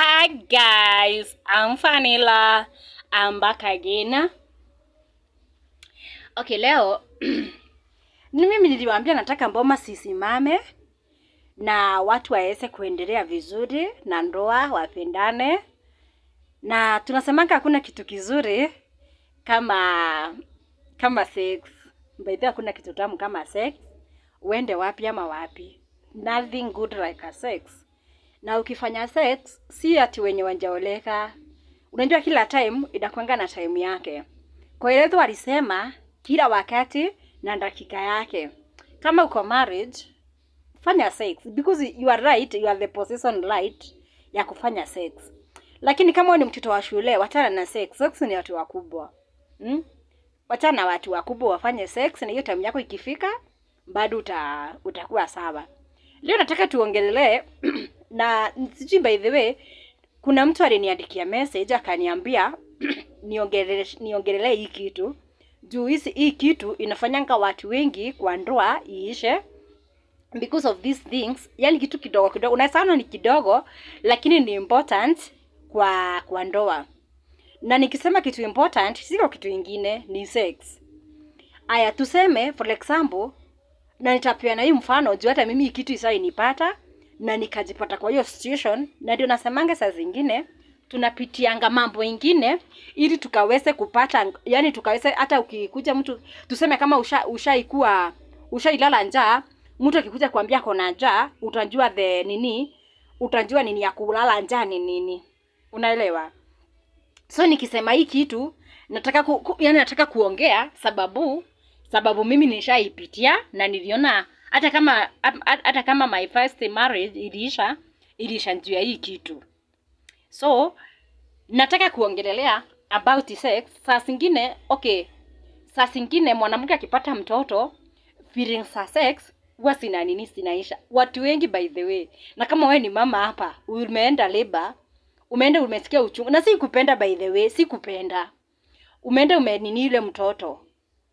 Hi guys, I'm Fanila. I'm back again. Okay, leo ni mimi niliwaambia nataka mboma sisimame na watu waweze kuendelea vizuri na ndoa, wapendane. Na tunasemanga hakuna kitu kizuri kama kama sex. By the way, hakuna kitu tamu kama sex. Uende wapi ama wapi? Nothing good like a sex na ukifanya sex si ati wenye wanjaoleka. Unajua kila time inakwanga na time yake. Kwa ile tu alisema kila wakati na dakika yake. Kama uko marriage fanya sex because you are right, you are the possession right ya kufanya sex. Lakini kama ni mtoto wa shule, wachana na sex. Sex ni watu wakubwa. Hmm? Wachana watu wakubwa wafanye sex na hiyo time yako ikifika bado uta, utakuwa sawa. Leo nataka tuongelelee na sijui, by the way, kuna mtu aliniandikia message akaniambia niongelele niongelelee hii kitu juu hisi hii kitu inafanyanga watu wengi kwa ndoa iishe because of these things. Yani kitu kidogo kidogo unasaana ni kidogo, lakini ni important kwa kwa ndoa. Na nikisema kitu important, siko kitu ingine, ni sex. Aya, tuseme for example, na nitapeana hii mfano juu hata mimi kitu isainipata na nikajipata kwa hiyo situation, na ndio nasemanga saa zingine tunapitianga mambo ingine ili tukaweze kupata, yani tukaweze hata ukikuja mtu tuseme kama usha ushaikuwa ushailala njaa, mtu akikuja kuambia na njaa, utajua the nini, utajua nini ya kulala njaa ni nini, unaelewa? So nikisema hii kitu nataka ku, yani nataka kuongea sababu sababu mimi nishaipitia na niliona hata kama hata kama my first marriage iliisha iliisha juu ya hii kitu. So nataka kuongelelea about sex. Saa zingine okay, saa zingine mwanamke akipata mtoto feeling sa sex huwa sina nini sinaisha watu wengi, by the way. Na kama wewe ni mama hapa, umeenda labor, umeenda umesikia uchungu, na si kupenda, by the way, si kupenda, umeenda umenini ile mtoto,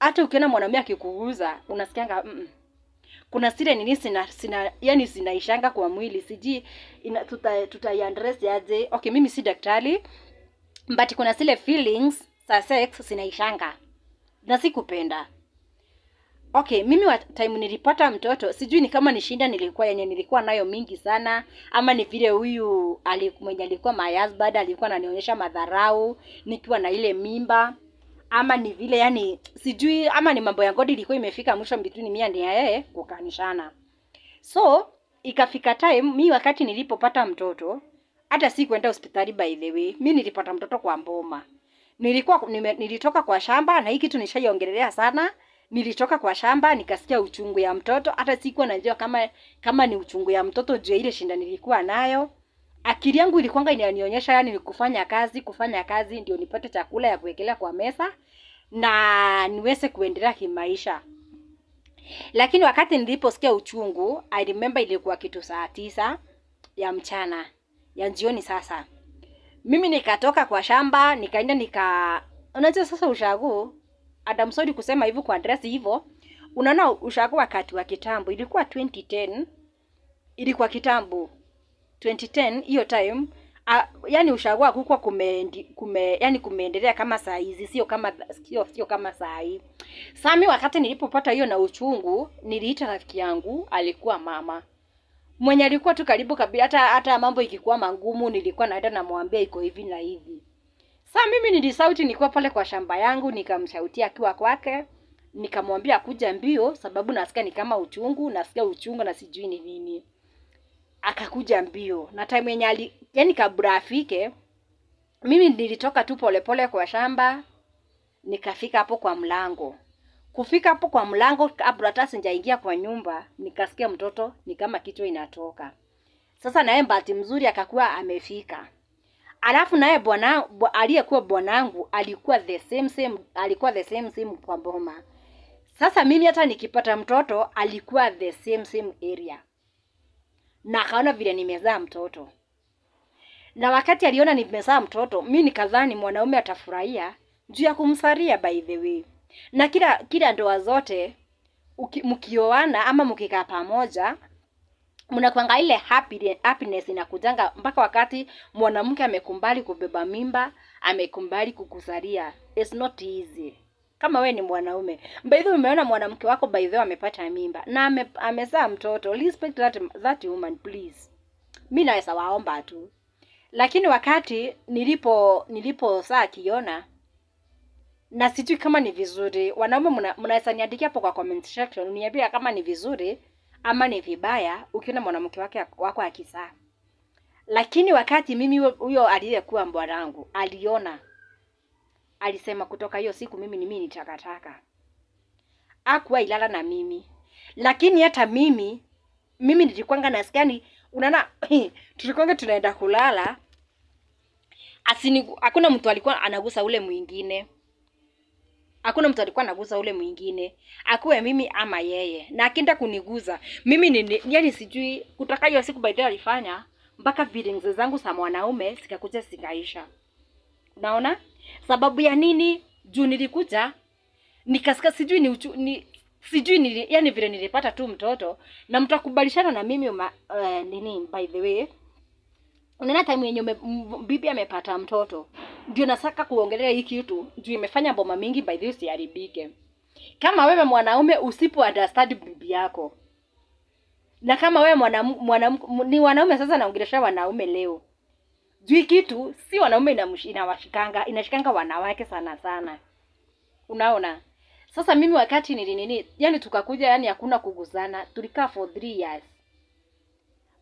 hata ukiona mwanamume akikuguza unasikianga mm -mm kuna sile nini sina, sina yani sinaishanga kwa mwili sijui tuta, tutaiaddress aje. Okay, mimi si daktari but kuna sile feelings za sex zinaishanga na sikupenda. Okay, mimi wa time nilipata mtoto sijui ni kama nishinda nilikuwa yenye nilikuwa nayo mingi sana ama ni vile huyu mwenye alikuwa my husband alikuwa ananionyesha madharau nikiwa na ile mimba ama ni vile yani sijui ama ni mambo ya God ilikuwa imefika mwisho mbituni mia ndi yeye kukanishana. So ikafika time mi wakati nilipopata mtoto hata si kwenda hospitali, by the way, mi nilipata mtoto kwa mboma. Nilikuwa nime, nilitoka kwa shamba na hii kitu nishaiongelelea sana. Nilitoka kwa shamba nikasikia uchungu ya mtoto, hata sikuwa najua kama kama ni uchungu ya mtoto juu ile shinda nilikuwa nayo akili yangu ilikuanga inanionyesha yani kufanya kazi, kufanya kazi ndio nipate chakula ya kuwekelea kwa meza na niweze kuendelea kimaisha. Lakini wakati niliposikia uchungu, I remember ilikuwa kitu saa tisa ya mchana ya jioni. Sasa mimi nikatoka kwa shamba nikaenda nika, unajua sasa ushagu Adam Sodi kusema hivyo kwa dress hivyo, unaona ushagu wakati wa kitambo ilikuwa 2010 ilikuwa kitambo 2010 hiyo time A, yani ushagua kukua kume, kume, yani kumeendelea kama saa hizi, sio kama sio sio kama saa hii. Sami, wakati nilipopata hiyo na uchungu, niliita rafiki yangu, alikuwa mama mwenye alikuwa tu karibu kabisa, hata hata mambo ikikuwa mangumu nilikuwa naenda namwambia iko hivi na hivi. Sasa mimi nilisauti, nilikuwa pale kwa shamba yangu, nikamshautia akiwa kwake, nikamwambia kuja mbio, sababu nasikia ni kama uchungu, nasikia uchungu na sijui ni nini akakuja mbio na time yenye ali, yani kabla afike, mimi nilitoka tu polepole kwa shamba nikafika hapo kwa mlango. Kufika hapo kwa mlango, kabla hata sijaingia kwa nyumba, nikasikia mtoto ni kama kichwa inatoka. Sasa naye bahati mzuri akakuwa amefika. Alafu naye bwana aliyekuwa bwanangu alikuwa the same same, alikuwa the same same kwa boma. Sasa mimi hata nikipata mtoto alikuwa the same same area na akaona vile nimezaa mtoto, na wakati aliona nimezaa mtoto, mi nikadhani mwanaume atafurahia juu ya kumsaria by the way. Na kila kila ndoa zote mkioana ama mkikaa pamoja mnakwanga ile happy, happiness inakujanga mpaka wakati mwanamke amekumbali kubeba mimba, amekumbali kukuzalia. It's not easy kama we ni mwanaume. By umeona mwanamke wako by the way amepata mimba na ame, amezaa mtoto. Respect that, that woman please. Mimi naweza waomba tu, lakini wakati nilipo nilipo saa kiona na sijui kama ni vizuri. Wanaume mnaweza muna, niandikia hapo kwa comment section, niambia kama ni vizuri ama ni vibaya ukiona mwanamke wake wako akisaa Lakini wakati mimi huyo aliyekuwa mbwanangu aliona Alisema kutoka hiyo siku mimi ni mimi ni takataka. Hakuwa ilala na mimi. Lakini hata mimi mimi nilikwanga nasikia ni unaona tulikwanga tunaenda kulala. Asini hakuna mtu alikuwa anagusa ule mwingine. Hakuna mtu alikuwa anagusa ule mwingine. Akuwe mimi ama yeye. Na akienda kuniguza, mimi ni yani sijui kutoka hiyo siku baadaye alifanya mpaka feelings zangu za mwanaume sikakuja sikaisha. Unaona? Sababu ya nini? Juu nilikuja nikasika, sijui ni, uchu, ni sijui ni yani vile nilipata tu mtoto na mtakubalishana na mimi uma, uh, eh, nini by the way unaona time yenye bibi amepata mtoto ndio nasaka kuongelea hii kitu juu imefanya boma mingi by the way siharibike. Kama wewe mwanaume usipo understand bibi yako na kama wewe mwanamke mwana, ni wanaume sasa naongelesha wanaume leo jui kitu si wanaume inawashikanga inashikanga wanawake sana sana, unaona. Sasa mimi wakati nili nini, yani tukakuja, yani hakuna kuguzana, tulikaa for three years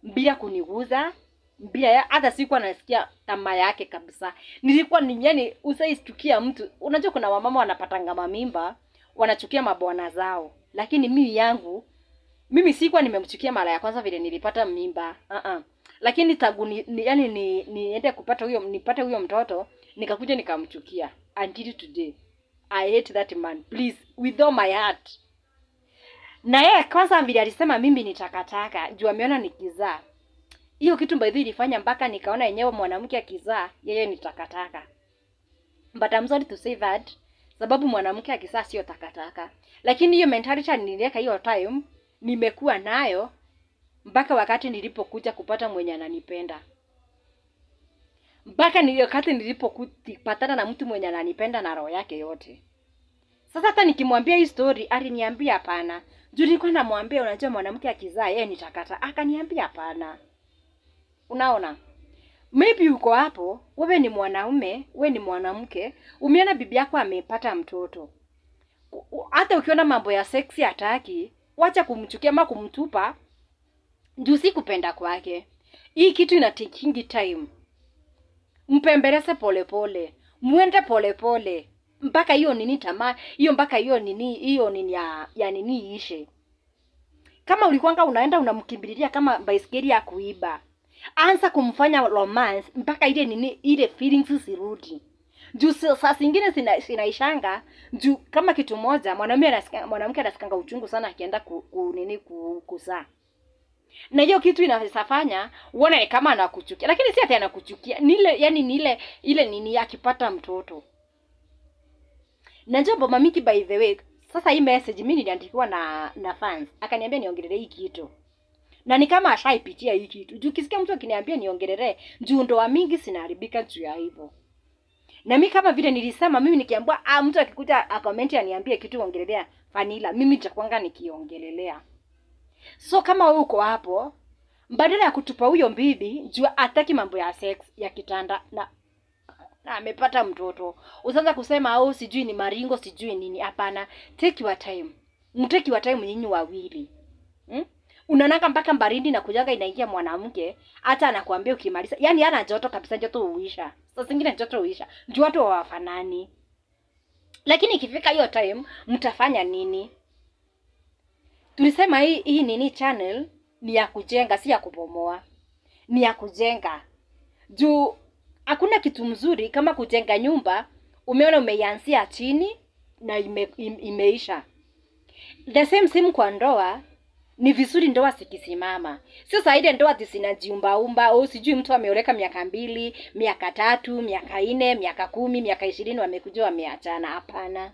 bila kuniguza mbia hata sikuwa nasikia tamaa yake kabisa. Nilikuwa ni yani, usaistukia mtu. Unajua kuna wamama wanapatanga mamimba wanachukia mabwana zao, lakini mimi yangu mimi sikuwa nimemchukia mara ya kwanza vile nilipata mimba uh -uh lakini tangu ni, ni, yani ni niende kupata huyo nipate huyo mtoto nikakuja nikamchukia. Until today I hate that man please with all my heart. Na yeye kwanza vile alisema mimi nitakataka juu ameona nikizaa hiyo kitu by the ilifanya mpaka nikaona yenyewe mwanamke akizaa yeye nitakataka. but I'm sorry to say that, sababu mwanamke akizaa sio takataka. Lakini hiyo mentality niliweka hiyo time, nimekuwa nayo mpaka wakati nilipokuja kupata mwenye ananipenda, mpaka ni wakati nilipopatana na mtu mwenye ananipenda na roho yake yote. Sasa hata nikimwambia hii story aliniambia hapana. Juu nilikuwa namwambia, unajua mwanamke akizaa yeye nitakata, akaniambia hapana. Unaona, maybe uko hapo, wewe ni mwanaume, we ni mwanamke, umeona bibi yako amepata mtoto, hata ukiona mambo ya seksi hataki, wacha kumchukia ama kumtupa juu si kupenda kwake. Hii kitu inatakingi time. Mpembeleze polepole, muende polepole mpaka hiyo nini tamaa hiyo, mpaka hiyo nini hiyo nini ya, ya nini ishe Kama ulikwanga unaenda unamkimbililia kama baiskeli ya kuiba, anza kumfanya romance mpaka ile nini ile feelings zirudi juu saa zingine zinaishanga juu. Kama kitu moja, mwanamke anasikanga uchungu sana akienda ku, ku nini ku, kuzaa na hiyo kitu inafanya uone ni kama anakuchukia, lakini si ati anakuchukia, ni ile yani, ni ile ile nini, akipata mtoto na njombo mamiki. By the way, sasa hii message mimi niliandikiwa na na fans, akaniambia niongelee hii kitu, na ni kama ashaipitia hii kitu juu kisikia mtu akiniambia niongelee juu ndoa mingi sinaharibika juu ya hivyo. Na mimi kama vile nilisema, mimi nikiambiwa ah, mtu akikuta akomenti aniambie kitu ongelelea vanilla, mimi nitakwanga nikiongelelea So kama wewe uko hapo, badala ya kutupa huyo bibi jua ataki mambo ya sex ya kitanda na na amepata mtoto, usianza kusema au oh, sijui ni maringo sijui nini. Hapana, take your time, mteki wa time nyinyi wawili hmm? Unanaka mpaka mbarindi na kujaga inaingia mwanamke, hata anakuambia ukimaliza, yani ana joto kabisa, joto uisha Sasa zingine joto uisha ndio watu hawafanani. Lakini ikifika hiyo time, mtafanya nini? tulisema hii hii nini channel ni ya kujenga, si ya kubomoa, ni ya kujenga juu hakuna kitu mzuri kama kujenga nyumba umeona umeianzia chini na ime, imeisha. The same same kwa ndoa, ni vizuri ndoa zikisimama, sio saide ndoa zinajiumbaumba au oh, sijui mtu ameoleka miaka mbili, miaka tatu, miaka nne, miaka kumi, miaka ishirini, wamekuja wameachana. Hapana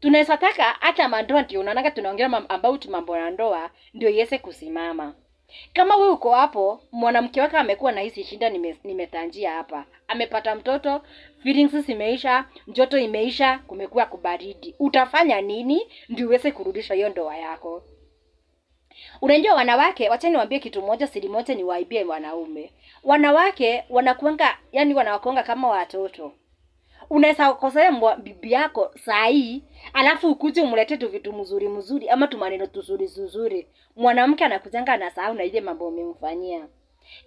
tunaweza taka hata mandoa, ndio unaonanga tunaongea about mambo ya ndoa ndio iweze kusimama. Kama wewe uko hapo, mwanamke wako amekuwa na hizi shida, nime, nimetanjia hapa, amepata mtoto, feelings zimeisha, joto imeisha, kumekuwa kubaridi, utafanya nini ndio uweze kurudisha hiyo ndoa yako? Unajua wanawake, wacha niwaambie kitu moja, siri moja waibie wanaume. Wanawake wanakuanga, yani wanakuanga kama watoto unaweza kosea mbwa bibi yako saa hii, alafu ukuje umlete tu vitu mzuri mzuri ama tu maneno tuzuri zuzuri. Mwanamke anakujanga anasahau na ile mambo umemfanyia.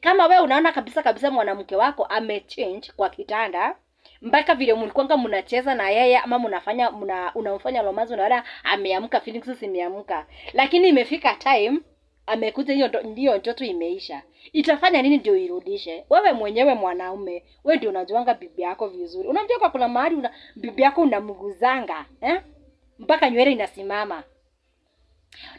Kama we unaona kabisa kabisa mwanamke wako amechange kwa kitanda mpaka vile mlikuanga mnacheza na yeye ama mnafanya mna, unamfanya romanzi unaona ameamka, feelings zimeamka, lakini imefika time amekuja ah, hiyo ndio mtoto imeisha. Itafanya nini ndio irudishe? Wewe mwenyewe mwanaume, wewe ndio unajuanga bibi yako vizuri. Unamjua kwa kuna mahali una bibi yako unamguzanga, eh? Mpaka nywele inasimama.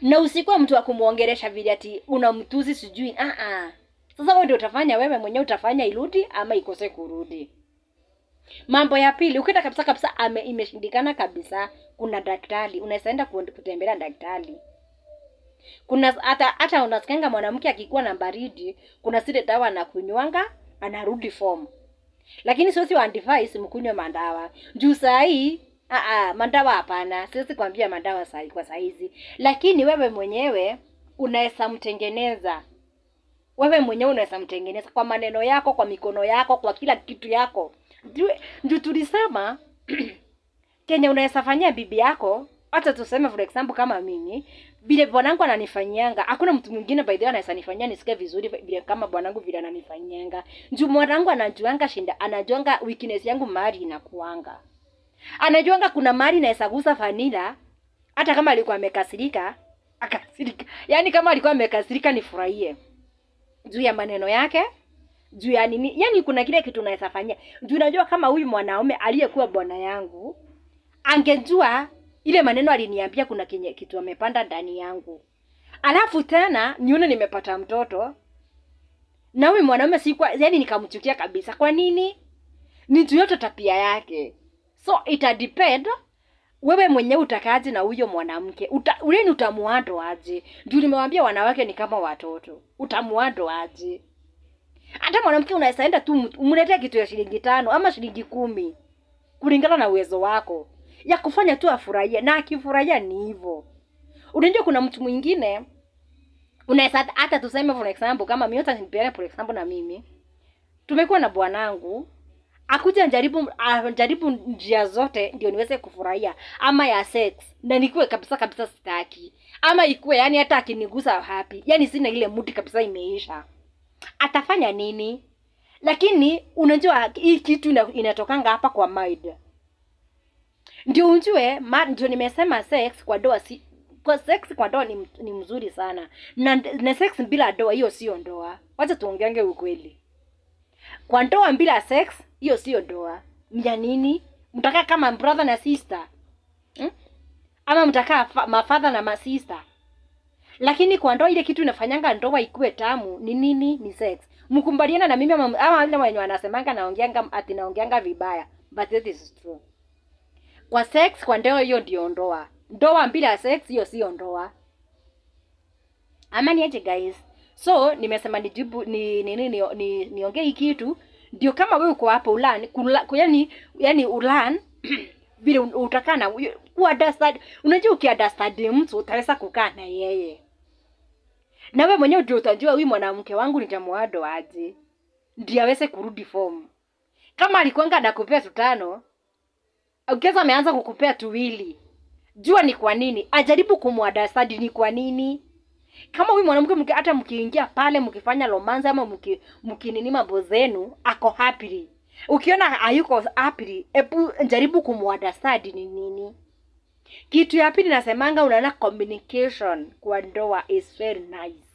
Na usikuwa mtu wa kumuongelesha vile ati unamtuzi sijui. Ah ah. Sasa wewe ndio utafanya wewe mwenyewe utafanya irudi ama ikose kurudi. Mambo ya pili, ukienda kabisa kabisa ame, imeshindikana kabisa, kuna daktari, unaweza enda kutembelea daktari. Kuna hata hata unasikanga mwanamke akikuwa na baridi, kuna zile dawa anakunywanga anarudi form. Lakini siwezi wa advise mkunywe mandawa. Juu saa hii a a mandawa hapana. Siwezi kwambia mandawa saa hii kwa saa hizi. Lakini wewe mwenyewe unaweza mtengeneza. Wewe mwenyewe unaweza mtengeneza kwa maneno yako, kwa mikono yako, kwa kila kitu yako. Ndio tulisema Kenya unaweza fanyia bibi yako hata tuseme for example kama mimi vile bwanangu ananifanyanga, hakuna mtu mwingine by the way anaweza nifanyia nisikie vizuri vile kama bwanangu vile ananifanyanga. Njoo mwanangu anajuanga shinda, anajuanga weakness yangu mahali inakuanga. Anajuanga kuna mahali naweza gusa vanilla hata kama alikuwa amekasirika, akasirika. Yaani kama alikuwa amekasirika nifurahie. Juu ya maneno yake, juu ya nini? Yaani kuna kile kitu naweza fanyia. Juu najua kama huyu mwanaume aliyekuwa bwana yangu angejua ile maneno aliniambia kuna kinye, kitu amepanda ndani yangu. Alafu tena nione nimepata mtoto na huyu mwanaume sikuwa, yani nikamchukia kabisa. Kwa nini? Ni tu yote tabia yake, so it depend wewe mwenyewe utakaje na huyo mwanamke uta, uleni utamuado aje. Ndio nimewambia wanawake ni kama watoto, utamuado aje. Hata mwanamke unaweza enda tu umletee kitu ya shilingi tano ama shilingi kumi kulingana na uwezo wako ya kufanya tu afurahie, na akifurahia ni hivyo. Unajua kuna mtu mwingine unaweza hata tuseme, for example, kama mimi nitapeana for example, na mimi tumekuwa na bwanangu akuja anjaribu anjaribu njia zote ndio niweze kufurahia ama ya sex, na nikuwe kabisa kabisa sitaki, ama ikuwe yani hata akinigusa hapi, yani sina ile mudi kabisa, imeisha. Atafanya nini? Lakini unajua hii kitu inatokanga hapa kwa maida ndio unjue ma, ndio nimesema sex kwa doa si kwa sex kwa doa ni, ni mzuri sana na, na sex bila doa hiyo sio ndoa. Wacha tuongeange ukweli, kwa ndoa bila sex hiyo sio ndoa. Mja nini mtakaa kama brother na sister hmm? Ama mtakaa mafadha na masista, lakini kwa ndoa ile kitu inafanyanga ndoa ikuwe tamu ni nini? Ni sex. Mkumbaliana na mimi ama, ama wale wenye wanasemanga naongeanga ati naongeanga vibaya, but that is true. Kwa sex, kwa ndoa hiyo ndio ndoa. Ndoa bila sex hiyo sio ndoa. Amani niaje guys? So nimesema nijibu ni nini ni, ni, ni, ni, ni kitu ndio kama wewe uko hapo ulan yani yani ulan vile utakana dastard. Unajua ukia dastard mtu utaweza kukaa na yeye, na wewe mwenyewe ndio utajua huyu mwanamke wangu nitamwoa aje, ndio aweze kurudi form. Kama alikuanga nakupea tutano tano Ukeza ameanza kukupea tuwili, jua ni kwa nini ajaribu kumwadasadi, ni kwa nini kama huyu mwanamke hata mkiingia pale mkifanya romanza ama mki, mkinini mambo zenu, ako happy. Ukiona hayuko happy, ebu jaribu kumwadasadi ni nini. Kitu ya pili nasemanga, unaona communication kwa ndoa is very nice.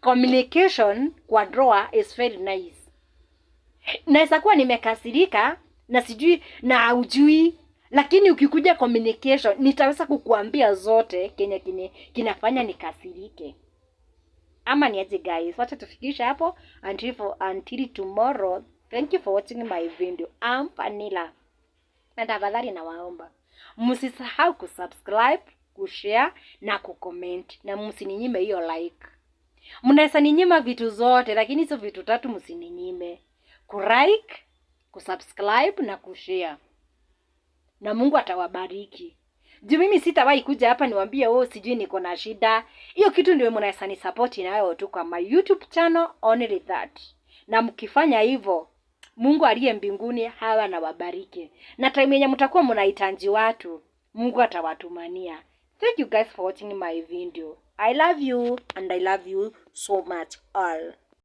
Communication kwa ndoa is very nice. Naweza kuwa nimekasirika na sijui na haujui, lakini ukikuja communication nitaweza kukuambia zote kenye kine, kinafanya nikasirike ama ni aje guys, wacha tufikisha hapo until, for, until tomorrow. Thank you for watching my video. I'm Vanilla na tafadhali nawaomba msisahau kusubscribe, kushare na kucomment, na msininyime hiyo like. Mnaweza ninyima vitu zote, lakini hizo vitu tatu msininyime, kulike kusubscribe na kushare, na Mungu atawabariki. Juu mimi sitawahi kuja hapa niwaambie oh, sijui niko na shida. Hiyo kitu ndio mnaweza ni support nayo tu kwa my YouTube channel only that. Na mkifanya hivyo Mungu aliye mbinguni hawa na wabariki. Na time yenye mtakuwa mnahitaji watu, Mungu atawatumania. Thank you guys for watching my video. I love you and I love you so much all.